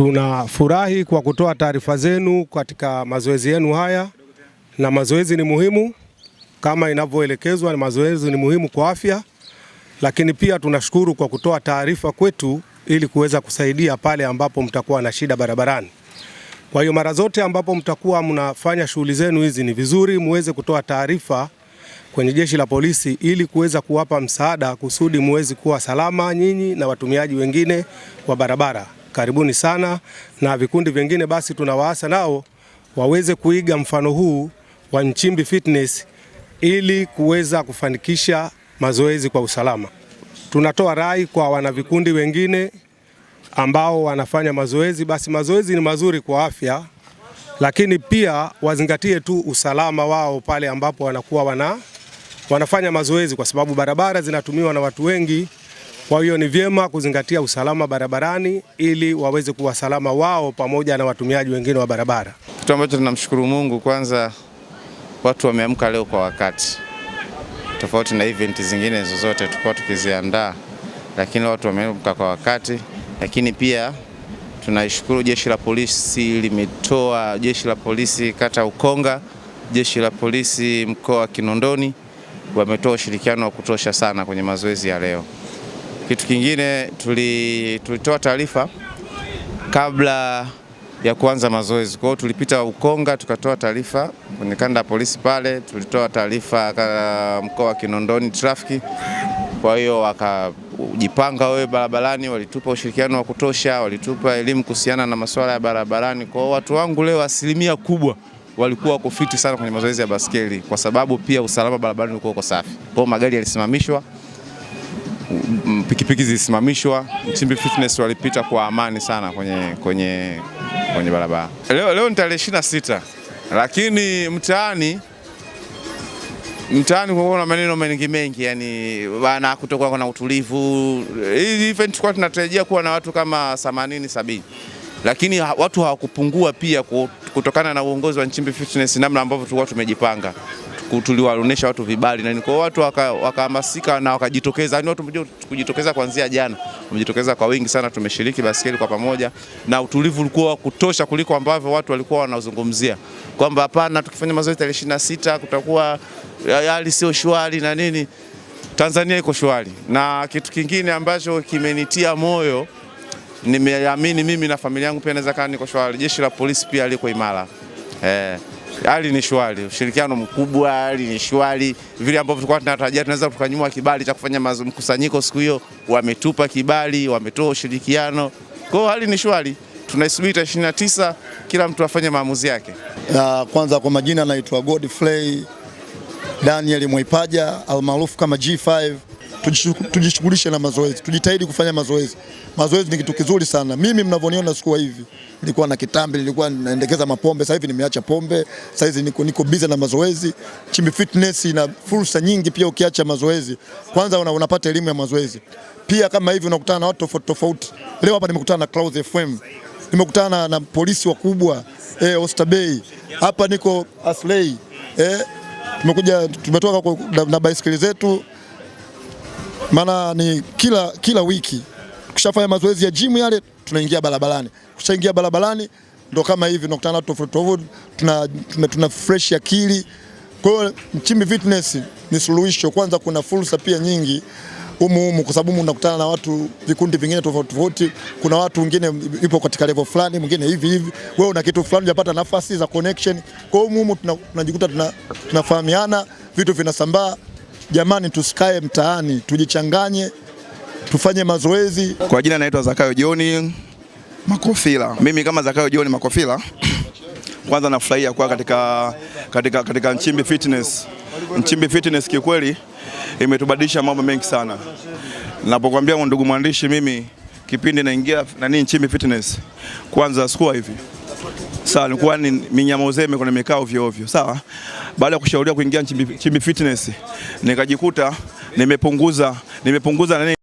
Tunafurahi kwa kutoa taarifa zenu katika mazoezi yenu haya, na mazoezi ni muhimu kama inavyoelekezwa, mazoezi ni muhimu kwa afya, lakini pia tunashukuru kwa kutoa taarifa kwetu ili kuweza kusaidia pale ambapo mtakuwa na shida barabarani. Kwa hiyo mara zote ambapo mtakuwa mnafanya shughuli zenu hizi, ni vizuri muweze kutoa taarifa kwenye jeshi la polisi ili kuweza kuwapa msaada kusudi muweze kuwa salama nyinyi na watumiaji wengine wa barabara karibuni sana. Na vikundi vingine basi tunawaasa nao waweze kuiga mfano huu wa Nchimbi Fitness ili kuweza kufanikisha mazoezi kwa usalama. Tunatoa rai kwa wanavikundi wengine ambao wanafanya mazoezi, basi mazoezi ni mazuri kwa afya, lakini pia wazingatie tu usalama wao pale ambapo wanakuwa wana, wanafanya mazoezi, kwa sababu barabara zinatumiwa na watu wengi. Kwa hiyo ni vyema kuzingatia usalama barabarani ili waweze kuwa salama wao pamoja na watumiaji wengine wa barabara. Kitu ambacho tunamshukuru Mungu kwanza, watu wameamka leo kwa wakati, tofauti na event zingine zozote tulikuwa tukiziandaa, lakini watu wameamka kwa wakati. Lakini pia tunaishukuru jeshi la polisi limetoa, jeshi la polisi kata Ukonga, jeshi la polisi mkoa wa Kinondoni wametoa ushirikiano wa kutosha sana kwenye mazoezi ya leo. Kitu kingine tulitoa taarifa kabla ya kuanza mazoezi. Kwa hiyo tulipita Ukonga tukatoa taarifa kwenye kanda ya polisi pale, tulitoa taarifa mkoa wa Kinondoni trafiki. Kwa hiyo wakajipanga wewe barabarani, walitupa ushirikiano wa kutosha, walitupa elimu kuhusiana na masuala ya barabarani. Kwa hiyo watu wangu leo asilimia kubwa walikuwa wako fiti sana kwenye mazoezi ya baskeli, kwa sababu pia usalama barabarani ulikuwa uko safi. Kwa hiyo magari yalisimamishwa pikipiki zilisimamishwa. Mchimbi Fitness walipita kwa amani sana kwenye, kwenye, kwenye barabara. Leo, leo ni tarehe ishirini na sita lakini mtaani mtaani kuna maneno mengi mengi, yani bana, kutokuwa na utulivu. Hii event kwa tunatarajia kuwa na watu kama 80 sabini, lakini watu hawakupungua pia, kutokana na uongozi wa Nchimbi Fitness, namna ambavyo tulikuwa tumejipanga tuliwaonesha watu vibali na kwa watu wakahamasika waka na wakajitokeza, yani watu kujitokeza kuanzia jana wamejitokeza kwa wingi sana, tumeshiriki basikeli kwa pamoja na utulivu ulikuwa kutosha kuliko ambavyo watu walikuwa wanazungumzia kwamba hapana, tukifanya mazoezi tarehe ishirini na sita kutakuwa hali sio shwari na nini. Tanzania iko shwari, na kitu kingine ambacho kimenitia moyo nimeamini mimi na familia yangu pia naweza kana niko shwari. Jeshi la polisi pia liko imara. Eh, hali ni shwari, ushirikiano mkubwa, hali ni shwari. Vile ambavyo tulikuwa tunatarajia tunaweza tukanyimwa kibali cha kufanya mkusanyiko siku hiyo, wametupa kibali, wametoa ushirikiano. Kwa hiyo hali ni shwari, tunaisubiri tarehe ishirini na tisa, kila mtu afanye maamuzi yake. Ya, kwanza kwa majina anaitwa Godfrey Daniel Mwaipaja almaarufu kama G5 tujishughulishe na mazoezi, tujitahidi kufanya mazoezi. Mazoezi ni kitu kizuri sana. Mimi mnavyoniona siku hivi, nilikuwa na kitambi, nilikuwa naendekeza mapombe, sasa hivi nimeacha pombe, sasa hizi niko, niko busy na mazoezi. Chimbi Fitness ina fursa nyingi pia, ukiacha mazoezi kwanza una, unapata elimu ya mazoezi pia. Kama hivi unakutana na watu tofauti tofauti. Leo hapa nimekutana na Clouds FM, nimekutana na polisi wakubwa eh, Bay hapa, niko Aslay eh, tumekuja tumetoka na baisikeli zetu maana ni kila, kila wiki kushafanya mazoezi ya gym yale, tunaingia barabarani, kushaingia barabarani ndo kama hivi na tofauti tofauti, tuna, tuna, tuna fresh akili. Kwa hiyo Mchimbi Fitness ni suluhisho. Kwanza kuna fursa pia nyingi humu humu, kwa sababu unakutana na watu vikundi vingine tofauti tofauti. Kuna watu wengine ipo katika level fulani, mwingine hivi hivi, wewe una kitu fulani, unapata nafasi za connection. Kwa hiyo humu humu tunajikuta tunafahamiana, tuna vitu vinasambaa jamani, tusikae mtaani, tujichanganye, tufanye mazoezi. Kwa jina naitwa Zakayo Joni Makofila. Mimi kama Zakayo Joni Makofila kwanza nafurahia kuwa katika, katika, katika Nchimbi Fitness. Nchimbi Fitness kiukweli imetubadilisha mambo mengi sana. napokwambia ndugu mwandishi, mimi kipindi naingia nani Nchimbi Fitness, kwanza sikuwa hivi. Sawa, nilikuwa minyama uzeme kwenye mikao ovyo ovyo. Sawa, baada ya kushauriwa kuingia Chimbi Fitness nikajikuta nimepunguza nimepunguza nani